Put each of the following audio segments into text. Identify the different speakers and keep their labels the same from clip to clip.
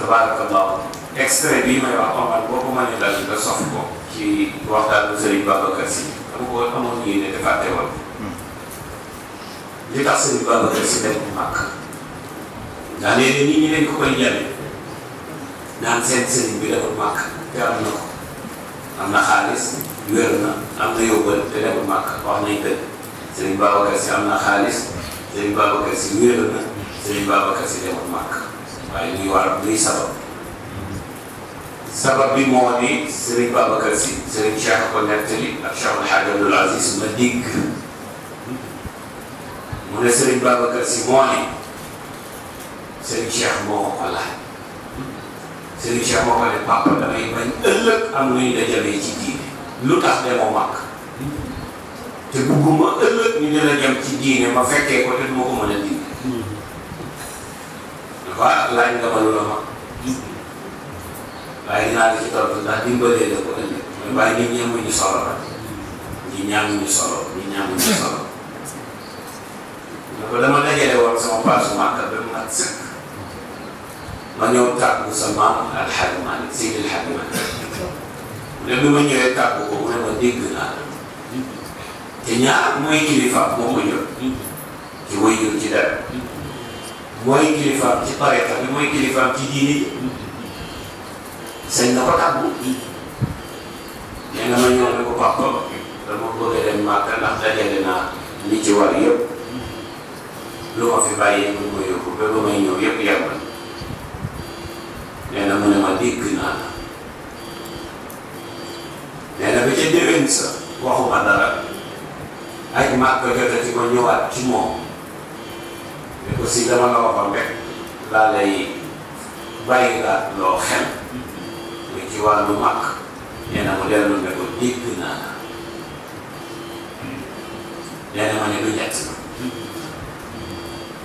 Speaker 1: tabarakallahu extrait bii may wax Omar boo ko mënee dal nga sof ko ci waxtaan bu Serigne Babacar Sy dama ko amoon yéene te fàtte woon li tax Serigne Babacar Sy dem bu mag ndax léegi nit ñi dañ ko koy jale naan seen Serigne bi demul mag te am na ko am na xaalis wér na am na yóbbal te demul mag wax nañ dëgg Serigne Babacar Sy am na xaalis Serigne Babacar Sy wér na Serigne Babacar Sy demul mag waaye muy waral luy sabab sabab bi moo di Serigne Babacar Sy Serigne Cheikh ko nettali ak Cheikh El Hadj Abdoul Aziz ma dégg mu ne Serigne Babacar Sy moo ne Serigne Cheikh moo ko laaj Serigne Cheikh moo ko ne papa damay bañ ëllëg am lu ñu dajalee ci diine lu tax demoo màkk te bugguma ëllëg ñu dina jëm ci diine ma fekkee ko te du ma ko mën a diine waaw laaj nga ma loolu ma gis waaye dinaa la ci topp ndax dimbalee la ko ëllëg waaye ñi ñemuñu solo la ñi ñaamuñu solo ñi ñaamuñu solo dafa dama dajale woon sama paasu Màkka ba mu at sëkk ma ñëw tàggu sa maam Alxaaji Maalik Seydi Alxaaji Maalik ne bi ma ñëwee tàggu ko mu ne ma dégg naa la te ñaar mooy kilifa moo ma jot ci wëyul ci dara mooy kilifaam ci tariqa bi mooy kilifaam ci diini ji na ko tàggu nee na ma ñëw ne ko papa dama bëgg a dem màkka ndax dajale naa li ci war yëpp lu ma mu ko ba ba may ñëw yëpp yem na nee na mu ne ma dégg naa la nee na ba ca sa waxuma dara ak màkka jotati ma ñëwaat ci moom aussi dama la waxoon rek laa lay bàyyi la loo xel lu ci wàllu màkk nee na mu dellu ne ko dégg naa la nee na ma ne du ñett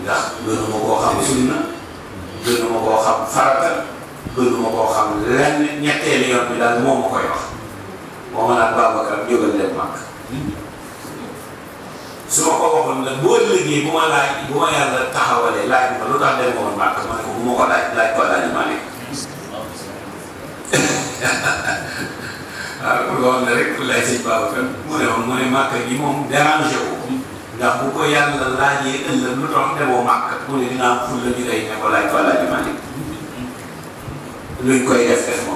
Speaker 1: ndax gënu ma koo xam sunna gënu ma koo xam farata gënu ma koo xam lenn ñetteelu yoon bi daal moom ma koy wax moo ma naan Babacar jógal leen màkk su ma ko waxoon la boo liggéey bu ma bu ma yàlla taxawalee laaj ma lu tax dem ko woon màkk ma ne ko laaj laaj ko laaj maa nekk waaw loolu ne rek lay sëñ mu ne woon mu ne màkk gi moom dérangé wu ndax bu ko yàlla laajee ëllëg lu tax demoo màkk mu ne dinaa ful la ñu day ko laaj ko laaj maa nekk luñ koy def def moom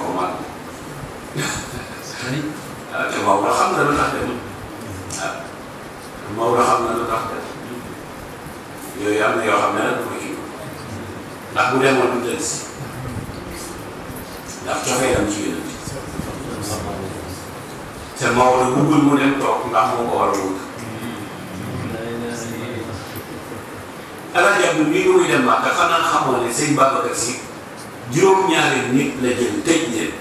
Speaker 1: te Maodo bëggul mu dem toog moo ko war a wut. alaajab bi bii muy dem Màkka xanaa xamoo ne sëñ Babacar Si juróom-ñaari nit la jël tëj leen.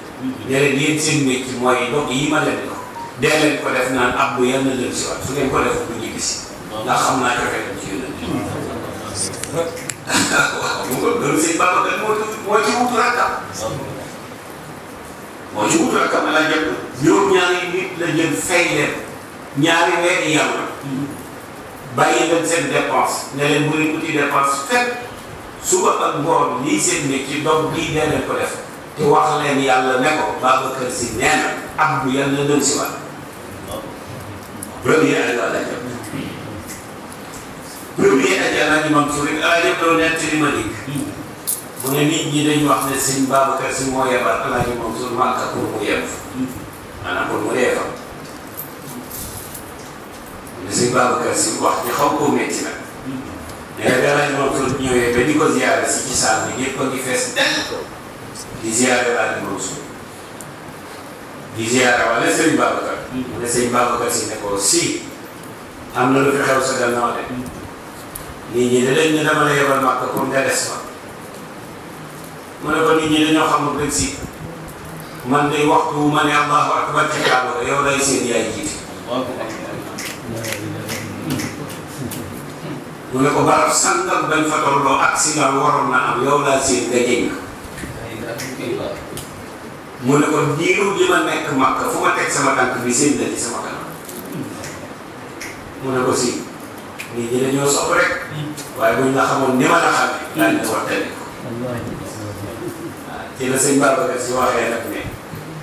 Speaker 1: ne leen yéen seen nit mooy ndox yi ma leen dox. dee ko def naan ab bu yàlla leen si waat su ngeen ko def bu ñu gis. xam naa cofeelam ci yéen a. waaw mu ngi doon sëñ Babacar moo ci wut rakkam mooy ci wut rakkam la jël ñoom ñaari nit la jël fay leen ñaari weeri yàlla bàyyi seen dépense ne leen muy uti dépense fekk suba ak ngoon lii seen nit lii nee leen ko def te wax leen yàlla ne ko Babacar Sy nee ab bu yàlla doon si waat premier ak a ah, yëpp doo nekk ci li ma bu ne ñi dañu wax ne sëñ Si moo yebal Alaaji Mansour Màkka pour mu yem maanaam pour mu dee fa Si wax ñu xaw koo métti nag mais bi Alaaji Mansour ñëwee ba ko ziyaare si ci saal bi ñëpp a ngi fees del di ziyaare Alaaji Mansour di ziyaare wala sëñ Babacar mu Si ne ko si am na lu fi xew sa gannaaw de nit ñi ne leen ñu dama la yebal Màkka pour mu ne ko nit ñi dañoo xamul principe man day waxtu ma akbar ci kaaba yow lay seen yaay jiite. mu ko barab sàngal bañ fa tolloo accident waroon na am yow laa seen nga jëng mu ne ko diiru li ma nekk Makka fu ma teg sama tànk bi seen la ci sama kanam mu ne ko si nit ñi dañoo sopp rek waaye buñ la xamoon ni ma ci la sëñ Babacar si waxee nag ne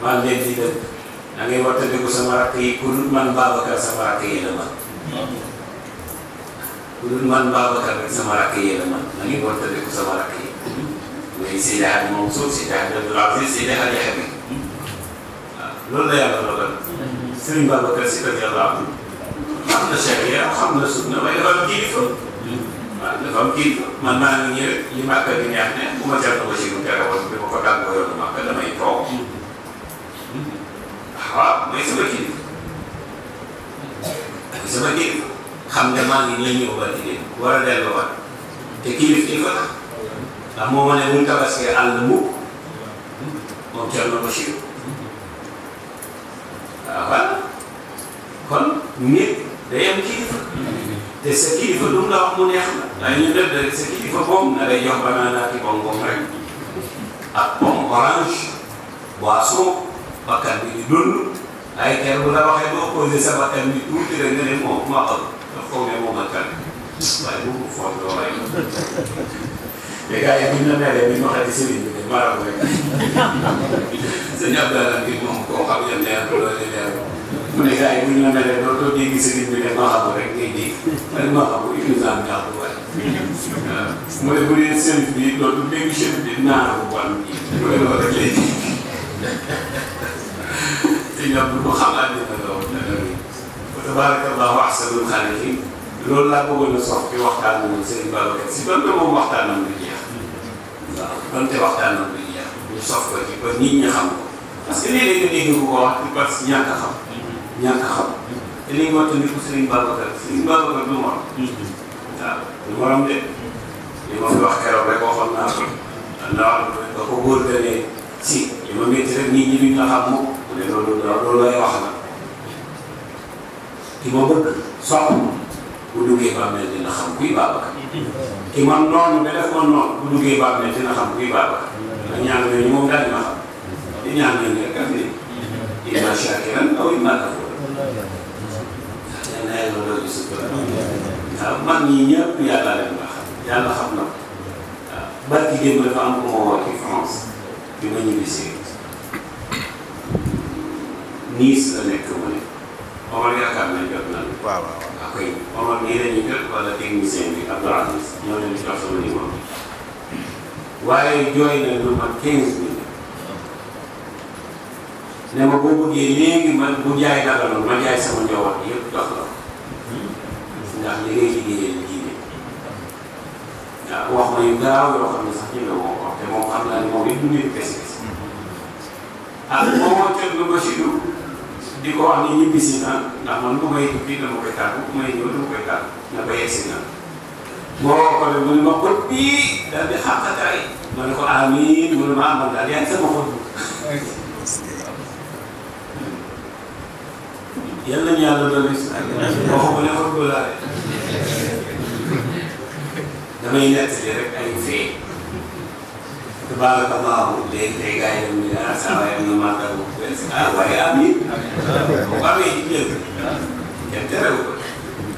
Speaker 1: man leen di dëkk da ngay wattandiku sama rakk yi ku dul man Babacar sama rakk yi la man ku dul man Babacar rek sama rakk yi la man da ngay wattandiku sama rakk yi muy Seydi Hadji Mansour Seydi Hadji Abdoul Aziz Seydi Hadji Habib waaw loolu la yàlla dogal sëñ Babacar si radiallahu anhu xam na charia xam na sunna waaye dafa kilifa man dafa am kii man maa ngi ñëw li màkk gi neex ne bu ma seetlu aussi mu tere woon bi ma ko tàggoo yoonu màkk damay toog waaw ah, mooy sama nga maa ngi la ñëw ba liggéey war a delluwaat te kii kii fa la ndax moo ma ne wul tabaski àll mukk moom ah, kon nit day am kii te sa kilifa lu mu la wax mu neex la ñu def rek sa kilifa boobu na lay ki bonbon rek ak pomme orange boisson bakkan bi di ay ker bu la waxee boo posé sa bakkan bi tuuti moom ma xam daf moom bakkan waaye bu mu foog loo rey te gars yi buñ la meree bi ñu waxati sëriñ bi de marabu rek sëñ Abdallah bi moom koo xam ne leer loolu mu ne gars yi bu ñu la melee doo doo dégg sëriñ bi def maxabu rek ngay dégg rek maxabu utilisant bi daal bu mu ne bu dee sëriñ bi doo du dégg sëriñ bi naana bu wàll mu ne loolu rek lay dégg te ñoom du ko xalaat ne la lool. wa tabarakallahu ahsanul xaaliqin loolu laa bëggoon a sox bi waxtaan moom sëriñ Babacar si donte moom waxtaanam du jeex waaw donte waxtaanam du jeex ñu sox ko ci ba nit ñi xam ko parce que léeg-léeg nga dégg ko wax ci parce que ñàkk ñàkk xam. dinañ war a tënk ko Serigne Babacar Serigne Babacar lu mu am. waaw lu mu am de. li ma fi wax keroog rek waxoon naa ko. ndax nga ko góor gënee si li ma métti rek nit ñi duñ la xam moom. mu ne loolu loolu lay wax la. ki ma bëgg soxla bu duggee bàmmeel dina xam kuy Babacar. ki ma noonu ba def ko noonu bu duggee bàmmeel dina xam kuy Babacar. ndax ñaar ñooñu moom daal dina xam. te ñaar ñooñu rek am nañu. imma shakiran aw imma kafur yàlla na yàlla loolu gis nga man ñii ñëpp yàlla leen baax yàlla xam na ko waaw barki démb dafa am ku ma woo ci France bi ma ñibbisee Nice la nekk mu ne Omar yaakaar nañ jot nañ. waaw waaw waaw kay Omar nii la ñuy jot wala technicien bi Abdou Aziz ñoo leen di jox sama numéro waaye jooy na lu man ne ma boo bëggee léegi man bu jaay dagaloon ma jaay sama njaboot yëpp jox la ndax li ngay liggéeyal diine ndax wax ma yu gaaw yoo xam ne sax ñu ne woo ko te moom xam naa ne moom it du nit kese ak boo ma tëdd lu ko sidu di ko wax ni ñibbi si na ndax man bu may tukki dama koy tàggu bu may ñëw dama koy tàggu na ko yegg si na boo ko ne mu ne ma xut bii daal di xàqataay ma ne ko amiin mu ne ma amal ah, daal yaa ngi sama xut yal nañu yàlla doon si waxuma ne ko laa damay nettali rek ay fee tabaarakallaahu léegi tey gars yi ñu ne ah saa waay am na màggal bu bees ah waaye amiin bu ko amee ci jël kenn terewu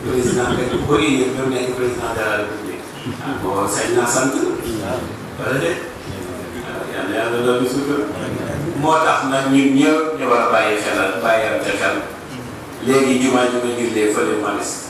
Speaker 1: ko président rek bu bëri yéen ñoom nekk président de la république ah, boo sañ naa sant wala de yàlla yàlla doon sutura moo tax nag ñun ñëpp ñu war a bàyyi xelal bàyyi xel léegi jumaa ji ma jullee fële maris